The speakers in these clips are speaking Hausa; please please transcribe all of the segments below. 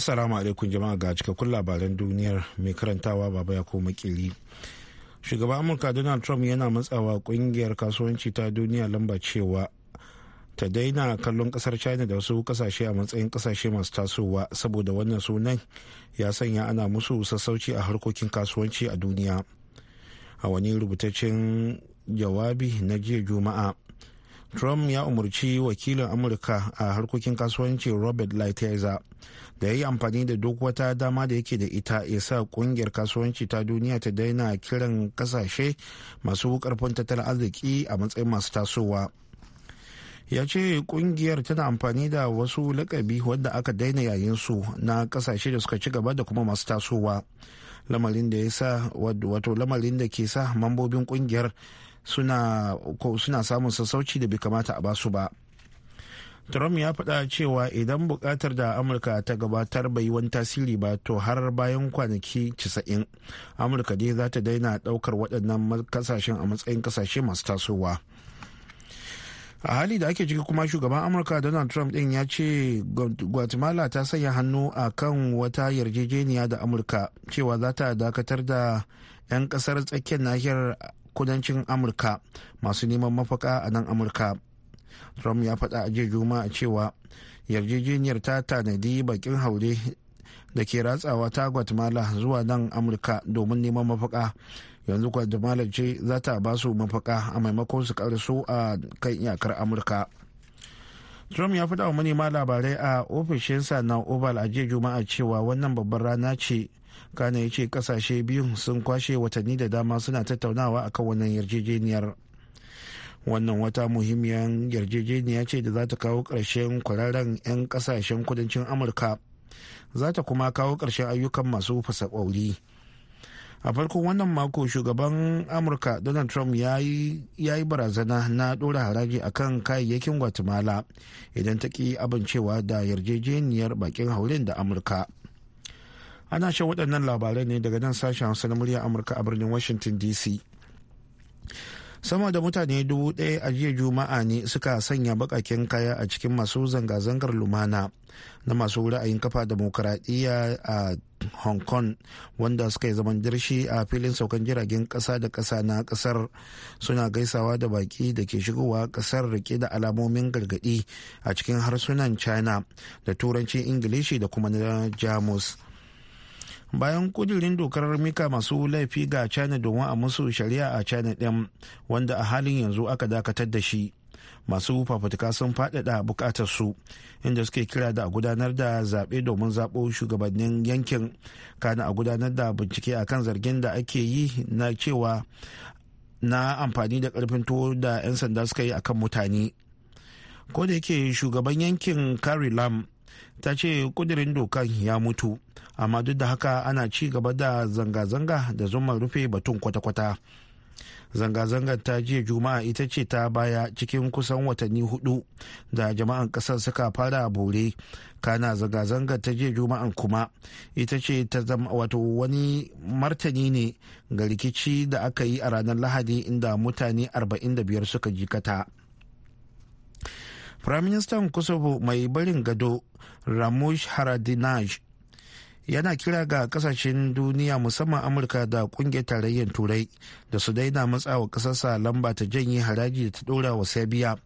Assalamu alaikum jama'a ga cikakkun labaran duniyar mai karantawa baba ya koma kili. Shugaban Amurka Donald Trump yana matsawa kungiyar kasuwanci ta duniya lamba cewa ta daina kallon kasar China da wasu kasashe a matsayin kasashe masu tasowa saboda wannan sunan ya sanya ana musu sassauci a harkokin kasuwanci a duniya. A wani rubutaccen jawabi na jiya Juma'a. trump ya umarci wakilin amurka a harkokin kasuwanci robert lighthizer da ya yi amfani da duk wata dama da yake da ita ya sa kungiyar kasuwanci ta duniya ta daina kiran kasashe masu karfin tattalin arziki a matsayin masu tasowa ya ce kungiyar tana amfani da wasu lakabi wadda aka daina yayin su na kasashe da suka ci gaba da kuma masu tasowa lamarin da ya sa wato lamarin da ke sa mambobin kungiyar suna samun sassauci da bai kamata a basu ba trump ya faɗa cewa idan buƙatar da amurka ta gabatar bai yi wani tasiri ba to har bayan kwanaki 90 amurka dai za ta daina ɗaukar waɗannan kasashen a matsayin kasashe masu tasowa a hali da ake ciki kuma shugaban amurka donald trump ɗin ya ce guatemala ta sanya hannu a kan wata yarjejeniya da amurka cewa za ta dakatar da 'yan ƙasar tsakiyar nahiyar kudancin amurka masu neman mafaka a nan amurka trump ya faɗa a juma a cewa yarjejeniyar ta tanadi bakin haure da ke ratsawa ta guatemala zuwa nan amurka domin neman mafaka yanzu guatemala ce za ta ba su mafaka a maimakon su karso a kan iyakar amurka trump ya faɗa wa manema labarai a ofishinsa na oval a jiya juma'a cewa wannan babbar rana ce kana ya ce kasashe biyun sun kwashe watanni da dama suna tattaunawa akan wannan yarjejeniyar wannan wata muhimmiyar yarjejeniya ce da za ta kawo ƙarshen kwararren 'yan ƙasashen kudancin amurka za ta kuma kawo ƙarshen ayyukan masu fasa a farkon wannan mako shugaban amurka donald trump ya yi barazana na ɗora haraji a kan kayayyakin guatemala idan ta ki amincewa da yarjejeniyar bakin haurin da amurka ana shan waɗannan labarai ne daga nan sashen hausa na murya amurka a birnin washington dc sama da mutane dubu ɗaya a jiya juma'a ne suka sanya baƙaƙen kaya a cikin masu zanga-zangar lumana na masu ra'ayin kafa demokuraɗiyya a hong kong wanda suka yi zaman dirshi a filin saukan jiragen ƙasa da ƙasa na ƙasar suna gaisawa da baƙi da ke shigowa ƙasar rike da alamomin gargaɗi a cikin harsunan china da turancin ingilishi da kuma na jamus bayan kudirin dokar mika masu laifi ga china domin a musu shari'a a china ɗin wanda a halin yanzu aka dakatar da shi masu fafutuka sun faɗaɗa buƙatar su inda suke kira da a gudanar da zaɓe domin zaɓo shugabannin yankin kana a gudanar da bincike akan zargin da ake yi na cewa na amfani da ƙarfin tuwo da 'yan sanda suka yi akan mutane ko da yake shugaban yankin kari lam ta ce kudirin dokan ya mutu amma duk da haka ana ci gaba da zanga-zanga da zuma rufe batun kwata-kwata zanga-zangar ta jiya juma'a ita ce ta baya cikin kusan watanni hudu da jama'an kasar suka fara bore kana zanga-zangar ta jiya juma'an kuma ita ce ta zama wato wani martani ne ga rikici da aka yi a ranar lahadi inda mutane 45 suka jikata firaministan kosovo mai barin gado ramush haradinaj yana kira ga kasashen duniya musamman amurka da kungiyar tarayyar turai da su daina matsawa kasarsa lamba ta janye haraji da ta dora wa serbia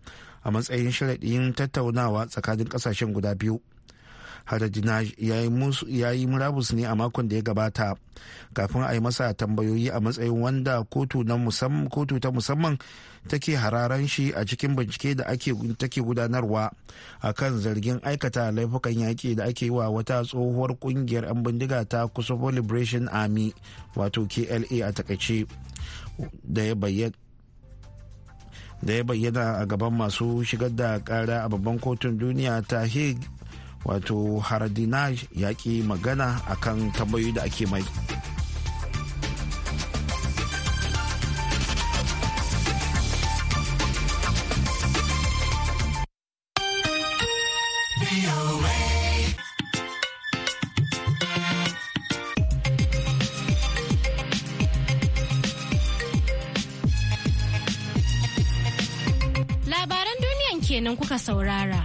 a matsayin sharaɗin tattaunawa tsakanin kasashen guda biyu harajina ya yi murabus ne a makon da ya gabata kafin a yi masa tambayoyi a matsayin wanda kotu ta musamman take hararan shi a cikin bincike da take gudanarwa a kan zargin aikata laifukan yaƙi da ake wa wata tsohuwar ƙungiyar 'yan bindiga ta kusurwa liberation army wato kla a takaice da ya bayyana da ya bayyana a gaban masu shigar da kara a babban kotun duniya ta hague wato haradinaj ya ki magana akan tambayoyi da ake mai Labaran duniyan kenan kuka saurara.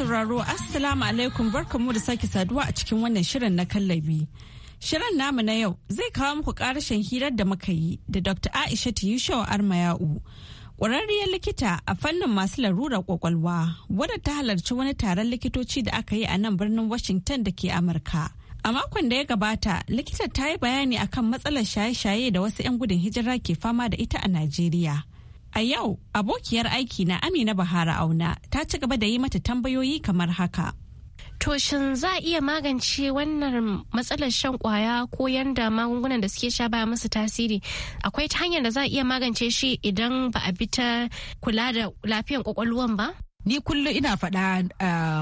sauraro Assalamu alaikum mu da sake saduwa a cikin wannan shirin na kallabi. Shirin namu na yau zai kawo muku karashen hirar da muka yi da Dr. Aisha Yusuf Armayau. Ƙwararriyar likita a fannin masu larurar kwakwalwa wadda ta halarci wani taron likitoci da aka yi a nan birnin Washington da ke Amurka. A makon da ya gabata, likita ta yi bayani akan matsalar shaye-shaye da wasu 'yan gudun hijira ke fama da ita a Najeriya. A yau, abokiyar aiki na Amina Bahara Auna ta ci gaba da yi mata tambayoyi kamar haka. To shin za a iya magance wannan matsalar shan kwaya ko yanda magungunan da suke sha baya musu tasiri? Akwai ta hanyar da za a iya magance shi idan ba a bi ta kula da lafiyar kwakwalwan ba? Ni kullum ina faɗa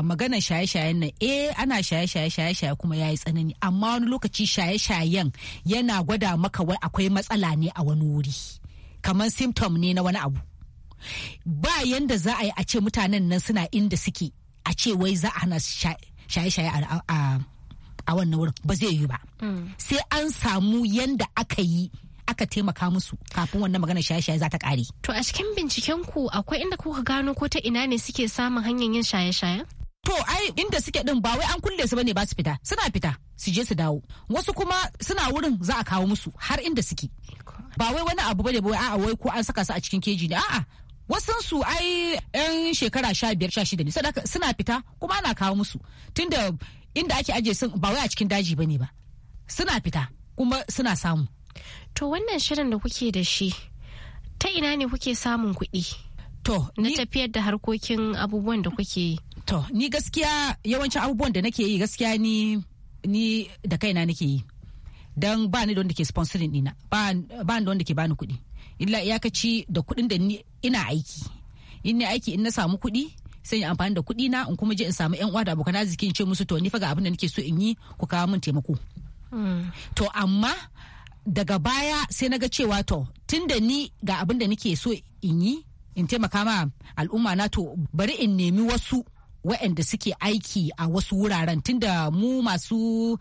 maganar shaye-shayen nan eh ana shaye-shaye shaye-shaye kuma ya yi tsanani amma wani lokaci shaye-shayen yana gwada maka wai akwai matsala ne a wani wuri. kamar symptom ne na wani abu ba yanda za a yi a ce mutanen nan suna inda suke a ce wai za a hana shaye-shaye a wannan wurin ba zai yi ba mm. sai an samu yanda aka yi aka taimaka musu kafin wannan magana shaye-shaye za ta kare. To a cikin binciken ku akwai inda kuka gano ko ta ina ne suke samun hanyar yin shaye shaye? To ai inda suke din ba wai an kulle su bane ba su fita suna fita su je su dawo wasu kuma suna wurin za a kawo musu har inda suke. ba wai wani abu bane ba a'a wai ko an saka su a cikin keji ne a'a wasan su ai yan shekara sha biyar sha shida ne suna fita kuma ana kawo musu tunda inda ake aje sun ba wai a cikin daji bane ba suna fita kuma suna samu to wannan shirin da kuke da shi ta ina ne kuke samun kuɗi to na tafiyar da harkokin abubuwan da kuke yi to ni gaskiya yawancin abubuwan da nake yi gaskiya ni ni da kaina nake yi Dan ba ni da wanda ke sponsorin dina ba ni da wanda ke bani kuɗi illa iyakaci da kuɗin da ni ina aiki in ni aiki in na samu kuɗi sai in amfani da kuɗi na in kuma je in samu yan uwa da abokan arziki in ce musu to ni fa ga abin da nake so in yi ku kawo min taimako hmm. to amma daga baya sai na ga cewa to da ni ga abin da nake so in yi in taimaka ma al'umma na to bari in nemi wasu waɗanda suke aiki a wasu wuraren tunda mu masu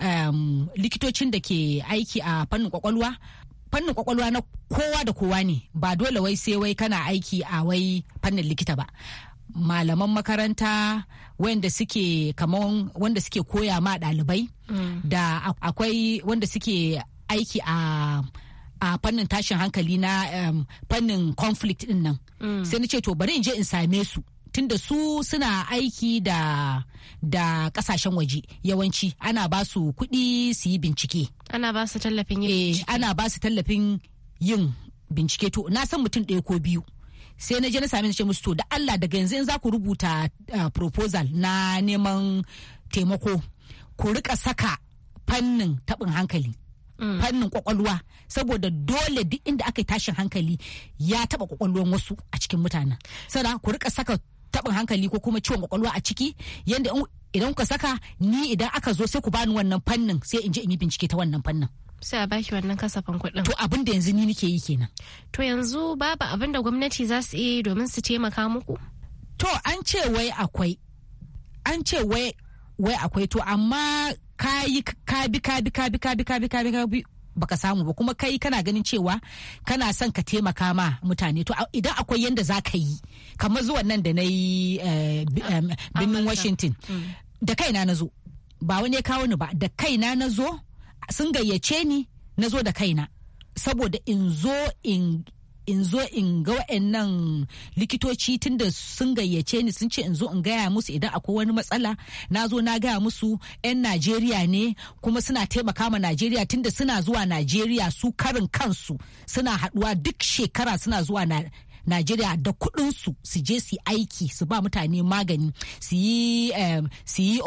um, likitocin da ke aiki a fannin kwakwalwa fannin kwakwalwa na kowa da kowa ne ba dole wai sai wai kana aiki a wai fannin likita ba malaman makaranta wanda suke kamar wanda suke koya ma ɗalibai mm. da akwai wanda suke aiki a a fannin tashin hankali na fannin um, conflict din nan mm. sai na ce to bari in je in same su tunda su suna aiki da da kasashen waje yawanci ana ba su kuɗi su yi bincike ana ba su tallafin yin eh, bincike ana ba su tallafin yin bincike to na san mutum ɗaya ko biyu sai na je na sami ce musu to da Allah daga yanzu in za ku rubuta ah, proposal na neman taimako ku rika saka fannin taɓin hankali mm. fannin kwakwalwa saboda dole duk inda aka yi tashin hankali ya taba kwakwalwan wasu a cikin mutanen da ku rika saka taɓin hankali ko kuma ciwon kwakwalwa a ciki yadda idan kuka saka ni idan aka zo sai ku bani wannan fannin sai in je in yi bincike ta wannan fannin sai a baki wannan kasafin kuɗin. To abin da yanzu ni nike yi kenan. To yanzu babu abin da gwamnati za su yi domin su taimaka muku? To an ce wai akwai. An ce wai wai akwai to amma kayi ka bi ka bi ka bi ka bi ka bi ka bi baka samu ba kuma kai kana ganin cewa kana son ka taimaka ma mutane to idan akwai yadda za ka yi kamar zuwan nan da na yi eh, birnin washington mm. da kaina na zo ba wani ya kawo ni ba da kaina na zo sun gayyace ni na zo da kaina saboda in zo in in zo in ga wa'annan likitoci tunda sun gayyace ni sun ce in zo in gaya musu idan akwai wani matsala na zo na gaya musu 'yan najeriya ne kuma suna taimaka ma najeriya tunda suna zuwa najeriya su karin kansu suna haduwa duk shekara suna zuwa Najeriya da kuɗinsu su je su aiki su ba mutane magani su yi um,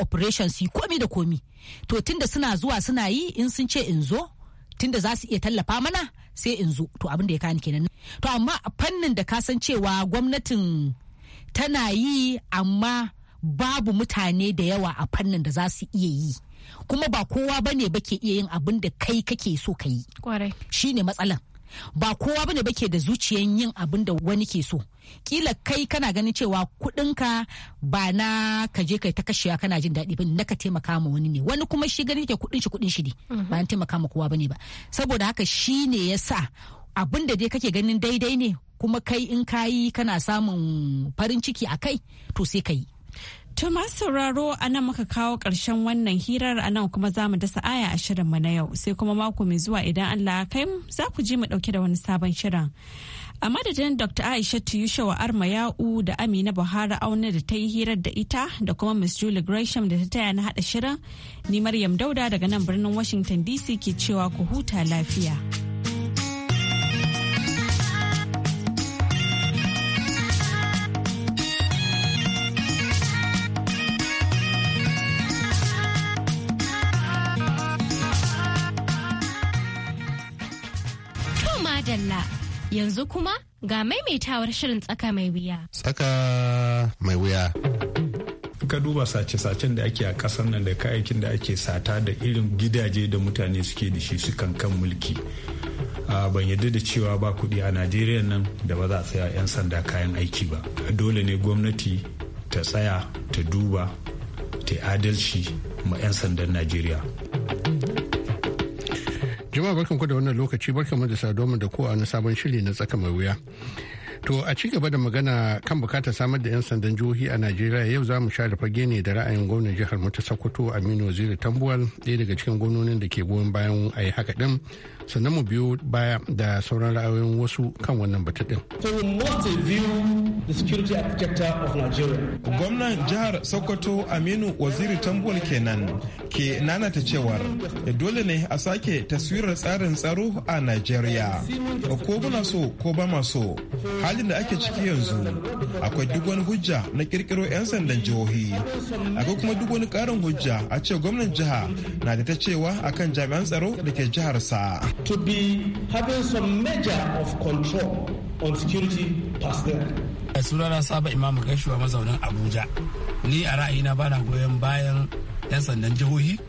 operation su yi komi da komi to tunda suna zuwa suna yi in sun ce in zo tunda za su iya tallafa mana sai in zo to abin da ya kani kenan to amma fannin da ka san cewa gwamnatin tana yi amma babu mutane da yawa a fannin da za su iya yi kuma ba kowa bane ba ke iya yin abin da kai kake so ka yi Shi ne matsalan ba kowa bane ba ke da zuciyan yin abin da wani ke so kila kai kana ganin cewa kuɗinka ba na ka je kai ta kashewa kana jin daɗi ba na ka taimaka ma wani ne wani kuma shi ganin ke kuɗin shi kuɗin shi ne mhm. ba na taimaka ma kowa bane ba saboda haka shi ne ya sa abin da dai kake ganin daidai ne kuma kai in ka yi kana samun farin ciki a kai to sai ka yi To masu sauraro a nan muka kawo ƙarshen wannan hirar a nan kuma za mu dasa aya a shirin mu na yau sai kuma mako mai zuwa idan Allah kai mu za ku ji mu ɗauke da wani sabon shirin. A madadin Dr. Aisha Yushawa Arma Ya'u da Amina Buhari Auna da ta yi hirar da ita da kuma Miss Julie Gresham da ta taya na haɗa shirin, ni Maryam Dauda daga nan birnin Washington DC ke cewa ku huta lafiya. Yanzu kuma ga maimaitawar shirin tsaka mai wuya. Tsaka mai wuya. ka duba sace-sacen da ake a ƙasar nan da kayayyakin da ake sata da irin gidaje da mutane suke da shi sukan kan mulki a ban yadda da cewa ba kuɗi a najeriya nan da ba za a tsaya 'yan sanda kayan aiki ba dole ne gwamnati ta tsaya ta duba ta adalci ma 'yan sandan najeriya Jama'a barkan da wannan lokaci barkan mu da saduwa da ku a na sabon shiri na tsaka mai wuya. To a ci gaba da magana kan bukatar samar da 'yan sandan jihohi a Najeriya yau za mu share fage ne da ra'ayin gwamnan jihar mu ta Sokoto Aminu Waziri Tambuwal ɗaya daga cikin gwamnonin da ke goyon bayan a yi haka din. sannan mu biyo baya da sauran ra'ayoyin wasu kan wannan batu din. Gwamnan jihar Sokoto Aminu Waziri Tambol kenan ke nanata cewar dole ne a sake taswirar tsarin tsaro a Najeriya. Ko muna so ko ba ma halin da ake ciki yanzu akwai duk wani hujja na kirkiro 'yan sandan jihohi. Akwai kuma duk wani karin hujja a ce gwamnan jiha na da ta cewa akan jami'an tsaro da ke jiharsa. to be having some measure of control on security personnel. sunana saba imamu gaishuwa mazaunin abuja ni a ra'ayina bana goyon bayan 'yan sandan jihohi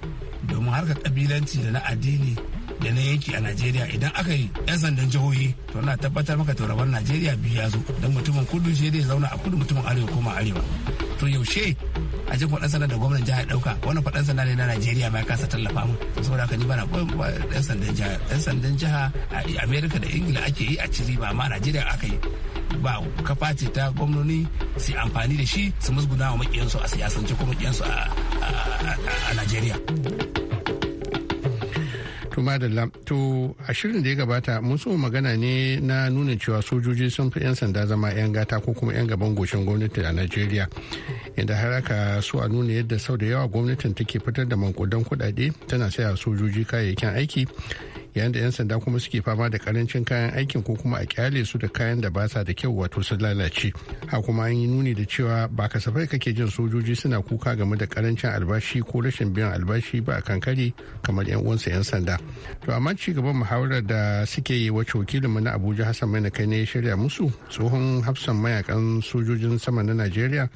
domin harkar kabilanci da na addini da na yanki a najeriya idan aka yi 'yan sandan jihohi to na tabbatar maka taurabar najeriya biyu ya zo don mutumin kudu shi zai zauna a kudu mutumin arewa kuma arewa to yaushe a cikin faɗan sanda da gwamnan jihar ɗauka wannan faɗan sanda ne na najeriya ma ya kasa tallafa mu saboda haka ni bana koyon ɗan sandan jiha ɗan sandan jiha a amerika da ingila ake yi a ciri ba ma najeriya aka yi ba kafa ce ta gwamnoni su amfani da shi su musguna wa makiyansu a siyasance ko makiyansu a najeriya. madalla to a shirin da ya gabata mun so magana ne na nuna cewa sojoji sun fi 'yan sanda zama 'yan gata ko kuma 'yan gaban goshin gwamnati a nigeria inda har aka so a nuna yadda sau da yawa gwamnatin take fitar da mankudan kudade tana saya sojoji kayayyakin aiki yayin da 'yan sanda kuma suke fama da karancin kayan aikin ko kuma a kyale su da kayan da ba sa da kyau wato sun lalace ha kuma an yi nuni da cewa ba kasafai kake jin sojoji suna kuka game da karancin albashi ko rashin biyan albashi ba a kamar 'yan uwansa 'yan sanda to amma ci gaban muhawarar da suke yi wacce mu na abuja hassan mai na kai ne ya shirya musu tsohon hafsan mayakan sojojin sama na najeriya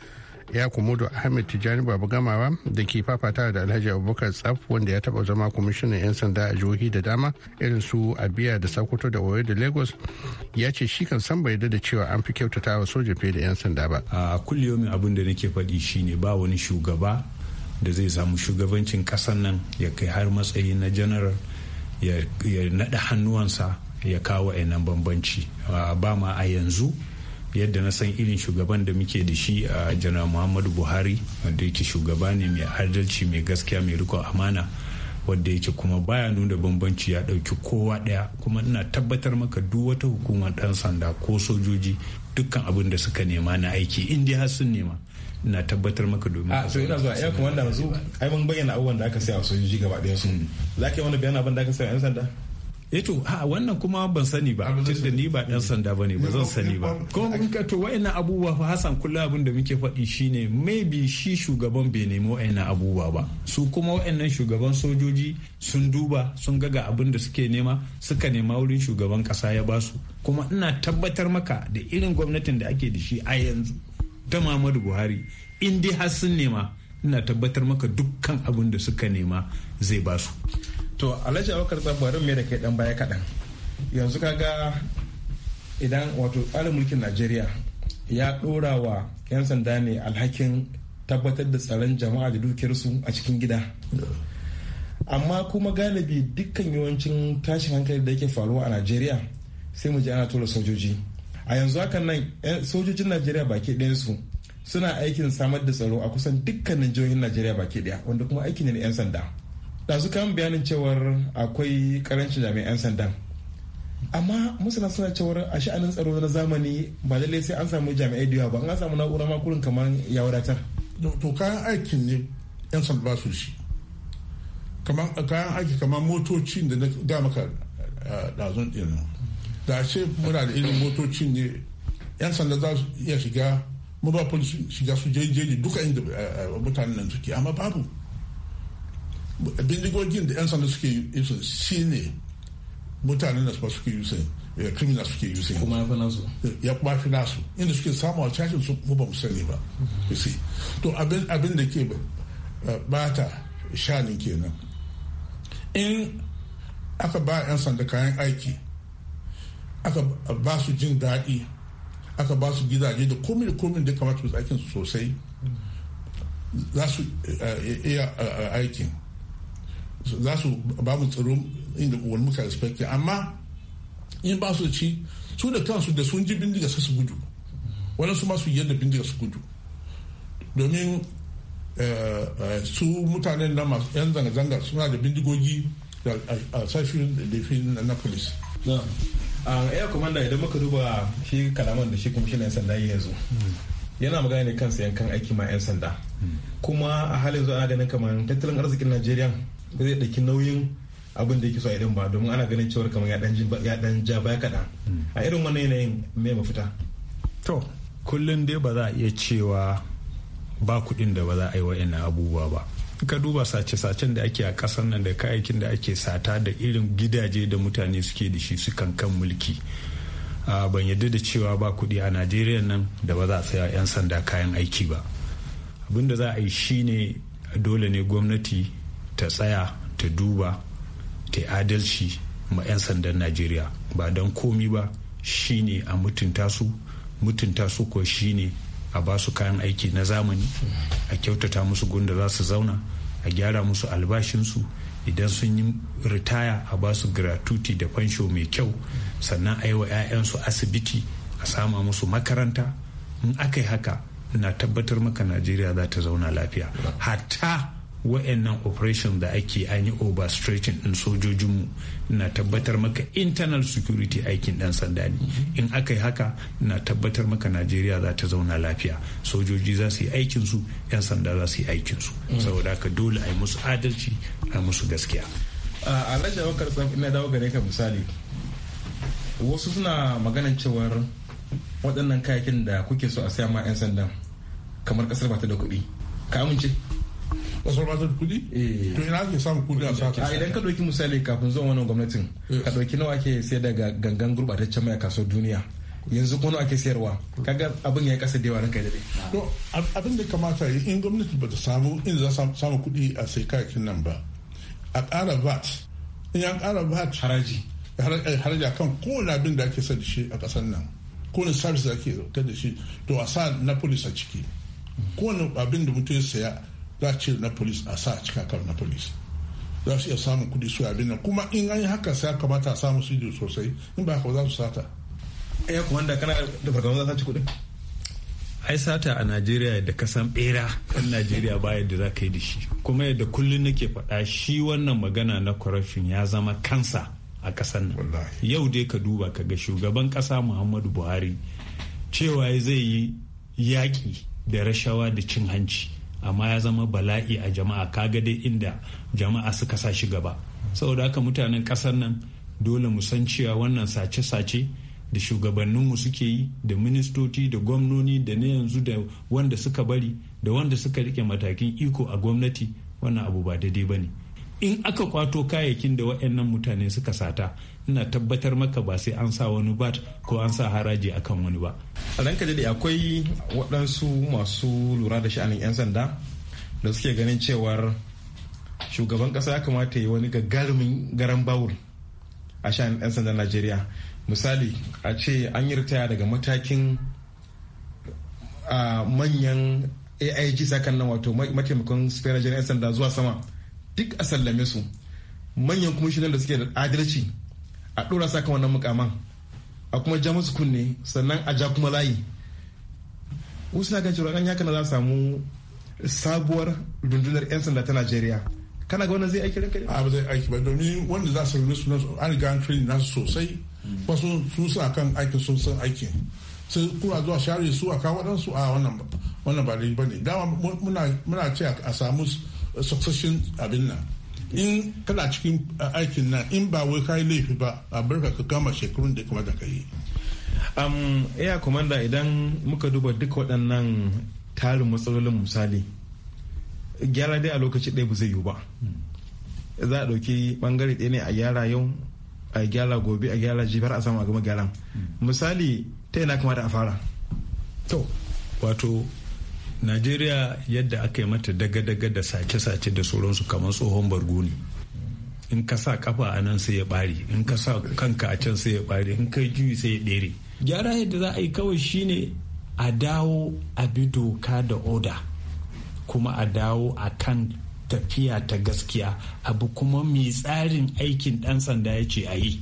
ya kumudu ahmed tijjani babu gamawa da ke fafata da alhaji abubakar tsaf wanda ya taba zama kwamishinan 'yan sanda a jihohi da dama irin su abiya da sokoto da oyo da lagos ya ce shi kan san bai yarda da cewa an fi kyautata wa soja fiye da 'yan sanda ba a kulliyomin abun da nake faɗi shine ba wani shugaba da zai samu shugabancin ƙasar nan ya kai har matsayi na janaral ya naɗa hannuwansa ya kawo nan bambanci ba ma a yanzu yadda na san irin shugaban da muke da shi a janar muhammadu buhari wanda yake shugaba ne mai adalci mai gaskiya mai rikon amana wadda yake kuma baya nuna bambanci ya dauki kowa daya kuma ina tabbatar maka duk wata hukumar dan sanda ko sojoji dukkan abin da suka nema na aiki in dai har sun nema ina tabbatar maka domin ah, a so ina zuwa ya kuma wanda yanzu ai mun bayyana abubuwan da aka sai a sojoji gaba ɗaya sun za ka yi wani bayanin abin da aka sai a 'yan sanda eto eh a wannan kuma ban sani ba tun da ni ba ɗan sanda bane ba zan sani ba ko mun ka to abubuwa fa Hassan kullum abin da muke faɗi shine maybe shi shugaban bai nemi wa'annan abubuwa ba su kuma wayannan shugaban sojoji sun duba sun ga ga abin da suke nema suka nema wurin shugaban kasa ya basu kuma ina tabbatar maka da irin gwamnatin da ake da shi a yanzu ta Muhammadu Buhari in dai har sun nema ina tabbatar maka dukkan abin da suka nema zai basu to alhaji abubakar tsabarin mai da kai dan baya kaɗan yanzu kaga idan wato tsarin mulkin najeriya ya ɗora wa 'yan sanda ne alhakin tabbatar da tsaron jama'a da dukiyarsu a cikin gida amma kuma galibi dukkan yawancin tashin hankali da yake faruwa a najeriya sai mu ji ana tura sojoji a yanzu hakan nan sojojin najeriya baki su suna aikin samar da tsaro a kusan dukkanin jihohin najeriya baki ɗaya wanda kuma aiki ne na 'yan sanda da su kan bayanin cewar akwai karancin jami'an sandan amma masana suna cewar a sha'anin tsaro na zamani ba lallai sai an samu jami'ai da yawa ba an samu na'ura ma kurin kamar ya wadatar to kayan aikin ne yan sanda ba su shi kamar kayan aiki kamar motoci da na gama ka dazun eh, din da ce muna da irin motoci ne yan sanda za su iya shiga mu ba shiga su jeji duka inda eh, eh, mutanen nan suke amma babu bindigogin da 'yan sanda suke yusin shi ne mutane da suke yusin eh, criminal suke yusin kuma ya fi nasu ya kuma fi nasu inda suke samu a cashin su mu ba mu sani ba to abin da ke eh, bata shanin kenan in aka ba 'yan sanda kayan aiki aka ba su jin daɗi aka ba su gidaje da komi da komi da kamata su aikin sosai za su eh, iya aikin za su babu tsaro inda wani muka respect amma in ba su ci su da kansu da sun ji bindiga su gudu wani su masu yadda bindiga su gudu domin eh, eh, su mutanen na masu yan zanga-zanga suna da bindigogi a sashen da na a ya komanda idan muka duba shi kalaman da shi kwamishinan sanda ya yanzu yana magana ne kansa yankan aiki ma 'yan sanda kuma a halin zuwa ganin kamar tattalin arzikin najeriya zai ɗauki nauyin abin da yake so a idan ba domin ana ganin cewar kamar ya dan ja baya kaɗan a irin wannan yanayin me mafita to kullum dai ba za a iya cewa ba kuɗin da ba za a yi wa'annan abubuwa ba ka duba sace-sacen da ake a ƙasar nan da kayayyakin da ake sata da irin gidaje da mutane suke da shi su kan kan mulki ban yadda da cewa ba kuɗi a najeriya nan da ba za a saya 'yan sanda kayan aiki ba abin da za a yi shine dole ne gwamnati ta tsaya ta duba ta adalci ma 'yan sandan najeriya ba don komi ba shine a mutunta su mutunta su ko shine a ba su kayan aiki na zamani a kyautata musu gunda za su zauna a gyara musu albashinsu idan sun yi ritaya a ba su gratuity da fansho mai kyau sannan a yi wa 'ya'yansu asibiti a sama musu makaranta in aka yi haka na tabbatar maka najeriya za ta zauna lafiya hatta wa'annan operation da ake an yi overstretching din sojojinmu na tabbatar maka internal security aikin dan sanda ne in aka yi haka na tabbatar maka najeriya za ta zauna lafiya sojoji za su yi aikinsu 'yan sanda za su yi su saboda haka dole a yi musu adalci a musu gaskiya a alhaji abubakar tsam ina dawo gare ka misali wasu suna maganar cewar waɗannan kayakin da kuke so a saya ma 'yan sanda kamar ƙasar ba ta da kuɗi ka amince kasar ba Kudi. da to ina ake samun kudi a sata a idan ka doki misali kafin zuwan wannan gwamnatin ka doki nawa ake sayar da gangan gurɓataccen mai a kasuwar duniya yanzu kuma ake sayarwa kaga abin ya kasa da yawa ranka da to abin da kamata yi in gwamnati ba ta samu in za samu kudi a sai kayakin nan ba a ƙara vat in an ƙara vat haraji eh, haraji akan kowane abin da ake sa da shi a ƙasar nan kowane service da ake ta da shi to a sa na police a ciki kowane abin da mutum ya saya za a cire na polis a sa a cika kan na polis za su iya samun kuɗi su abin nan kuma in an yi haka sai kamata a samu su sosai in ba haka za su sata. ya eh, kuma da kana da fargaban za ta ci kuɗin. ai sata a najeriya da kasan bera kan najeriya ba yadda za ka yi da shi kuma yadda kullum nake faɗa shi wannan magana na corruption ya zama kansa a kasan nan yau dai ka duba ka ga shugaban kasa muhammadu buhari cewa zai yi yaƙi da rashawa da cin hanci amma ya zama bala'i a jama'a ka ga dai inda jama'a suka sa shi gaba saboda haka mutanen ƙasar nan dole mu san cewa wannan sace-sace da shugabanninmu suke yi da ministoci da gwamnoni da na yanzu da wanda suka bari da wanda suka rike matakin iko a gwamnati wannan abu ba daidai ba ne in aka kwato kayayyakin da waɗannan mutane suka sata ina tabbatar maka ba sai an sa wani bat ko an sa haraji akan wani ba a ranka da akwai waɗansu masu lura da sha'anin 'yan sanda da suke ganin cewar shugaban ƙasa ya kamata ya wani gagarumin garan bawul a sha'anin 'yan sandan najeriya misali a ce an yi ritaya daga matakin manyan aig sakan nan wato mataimakon spera 'yan sanda zuwa sama duk a sallame su manyan kuma shi da suke da adalci a ɗora sa kan wannan mukaman a kuma ja musu kunne sannan a ja kuma layi wasu na gan cewa an yakan za samu sabuwar rundunar 'yan sanda ta najeriya kana ga wannan zai aiki ranka ne? ba zai aiki ba domin wanda za su rubuta su su an ga an training nasu sosai wasu su sa kan aikin sun san aikin sai kura zuwa share su a kawo waɗansu a wannan wannan ba ne dama muna ce a samu succession abin nan in kana cikin aikin nan in ba wai kai laifi ba a barka ka kama shekarun da kuma da ka yi um, iya komanda idan muka duba duk waɗannan tarin matsalolin misali gyara dai a lokaci ɗaya ba zai yiwu ba za a ɗauki ɓangare ɗaya ne a gyara yau a gyara gobe a gyara jifar a samu a gama gyaran misali ta yana kamata a fara to wato najeriya yadda aka yi mata daga-daga da sace-sace da sauransu kamar tsohon barguni in ka sa kafa a nan sai ya bari in ka sa kanka a can sai ya bari in kai juyi sai ya ɗere gyara yadda za a yi kawai shine a dawo a bi doka da oda kuma a dawo a kan tafiya ta gaskiya abu kuma mai tsarin aikin ɗan sanda ya ce a yi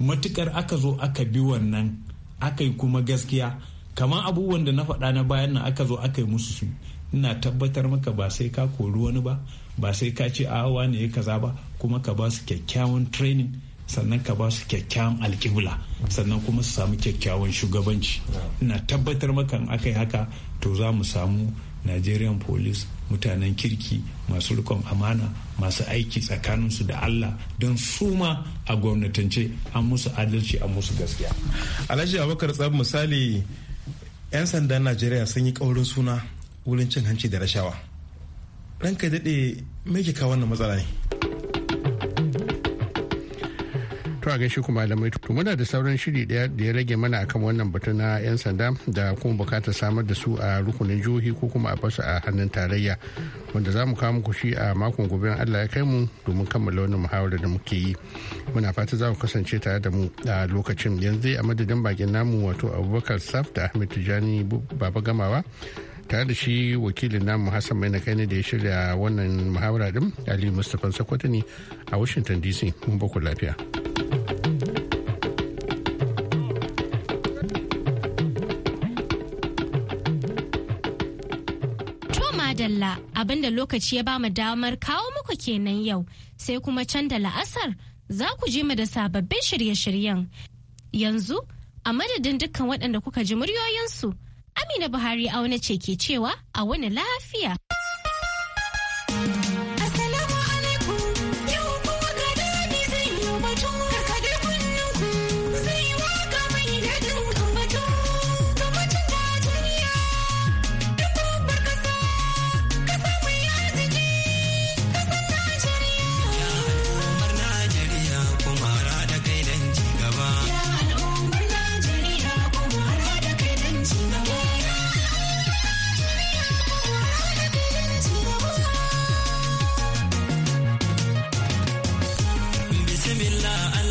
matukar aka zo aka bi wannan aka yi kuma gaskiya kamar abubuwan da na faɗa na bayan na aka zo aka yi musu su ina tabbatar maka ba sai ka kori wani ba ba sai ka ce a ne ya kaza ba kuma ka ba su kyakkyawan training sannan ka ba su kyakkyawan alkibla sannan kuma su samu kyakkyawan shugabanci ina tabbatar maka in aka yi haka to za mu samu nigerian police mutanen kirki masu rikon amana masu aiki tsakaninsu da allah don suma a gwamnatance an musu adalci an musu gaskiya alhaji abubakar tsab misali 'yan sandan najeriya sun yi ƙaurin suna wurin cin hanci da rashawa ranka daɗe me ke kawo wannan matsala ne to a gaishe kuma malamai to muna da sauran shiri daya da ya rage mana akan wannan batu na yan sanda da kuma bukatar samar da su a rukunin jihohi ko kuma a basu a hannun tarayya wanda za mu kawo muku shi a makon gobe Allah ya kai mu domin kammala wannan muhawarar da muke yi muna fata za ku kasance tare da mu a lokacin yanzu a madadin bakin namu wato Abubakar Saf da Ahmed Tijani Baba Gamawa tare da shi wakilin namu hassan mai kai da ya shirya wannan muhawara din ali mustapha sakwato ne a washington dc mun baku lafiya Dalla abinda lokaci ya bamu damar kawo muku kenan yau sai kuma can da la'asar za ku je mu da sababbin shirye-shiryen yanzu a madadin dukkan waɗanda kuka ji muryoyinsu Amina Buhari auna ce ke cewa a wani lafiya.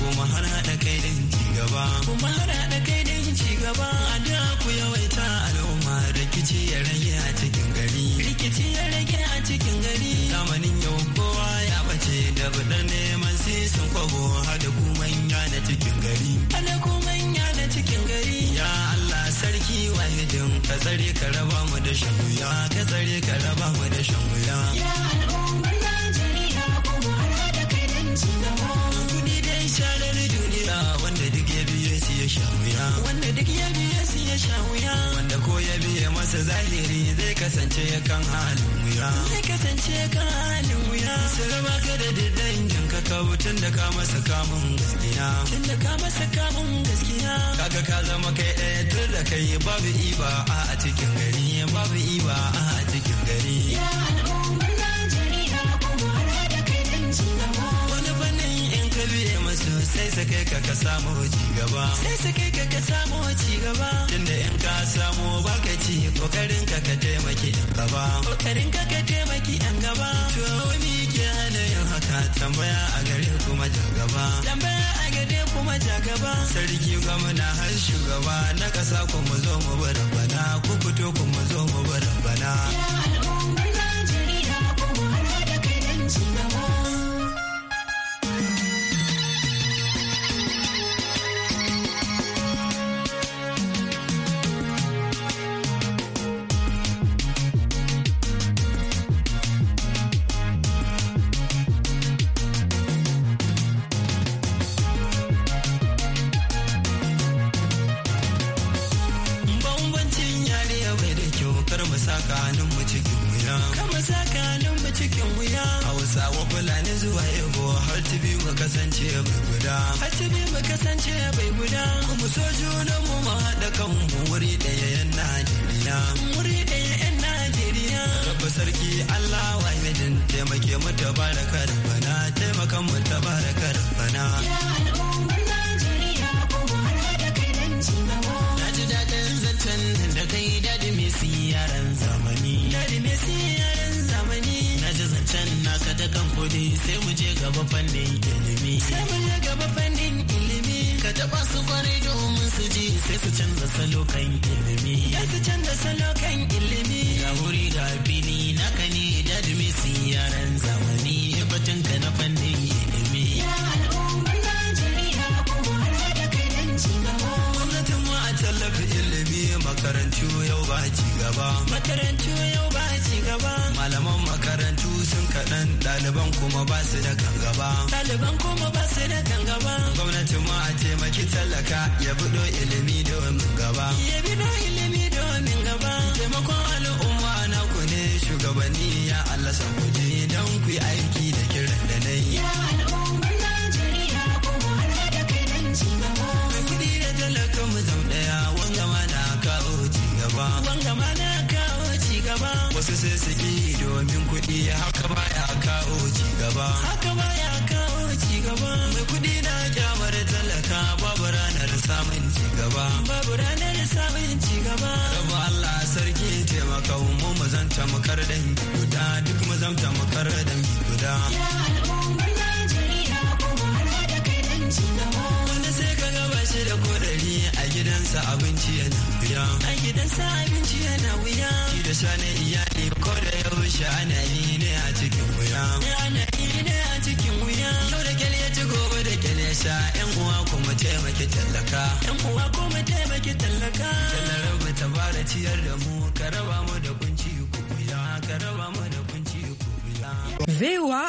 kuma har haɗa kai don ci gaba. Kuma har haɗa kai don ci gaba a da ku yawaita al'umma rikici ya rage a cikin gari. Rikici ya rage a cikin gari. Zamanin yau kowa ya bace da buɗar neman sun kwabo hada ku manya na cikin gari. Hada ku manya na cikin gari. Ya Allah sarki wahidin ka tsare ka raba mu da shan wuya ka tsare ka raba mu da shan wuya. Ya Allah kasance kan halin wuya zai kasance kan halin wuya su raba ka da dangin ka kawo tun da ka masa kamun gaskiya tun da ka masa kamun gaskiya kaga ka zama kai ɗaya tun da kai babu iba a cikin gari babu iba a cikin gari sai sake ka ka samu ci gaba sai sake ka ka samu ci gaba tunda in ka samu ba ka ci kokarin ka ka taimaki yan gaba kokarin ka ka taimaki an gaba to mi ke hana yin haka tambaya a gare kuma ja gaba tambaya a gare kuma ja gaba sarki gwamna har shugaba na kasa ku mu zo mu bar bana ku fito ku mu zo mu bar bana wancan da kai dadi mesi yaran zamani dadi mesi yaran zamani na ji zancen naka ta kan kudi sai mu je gaba fannin ilimi sai mu je gaba fannin ilimi ka taba su kwarai domin su ji sai su canza salo kan ilimi sai su canza salo kan ilimi ga wuri ga bini naka ne dadi mesi yaran zamani batun ka na fannin ilimi ya al'umma Najeriya gwamnatin ma a makarantu yau ba ci gaba makarantu yau ba ci gaba malaman makarantu sun kaɗan ɗaliban kuma ba su da kan gaba ɗaliban kuma ba su da kan gaba gwamnati ma a taimaki tallaka ya bido ilimi domin gaba ya bido ilimi domin gaba taimakon al'umma na ku ne shugabanni ya Allah san ku don ku yi aiki da gaba wanga ma na kawo ci gaba wasu sai su ki domin kuɗi haka baya kawo ci gaba haka baya kawo ci gaba mai kuɗi na kyamar talaka babu ranar samun ci gaba babu ranar samun ci gaba rabu Allah sarki taimaka mu mu zanta mu kardan guda duk mu zanta mu guda ya al'umma da kodari a gidansa abinci yana wuya a gidansa abinci yana wuya shi da shanin iyali ko da yaushe ana yi ne a cikin wuya ana yi ne a cikin wuya yau da kyal ya ci gobe da kyal ya sha yan uwa kuma taimaki tallaka yan uwa kuma taimaki tallaka tallarar mu ta fara ciyar da mu ka raba mu da kunci ku wuya ka raba mu da kunci ku wuya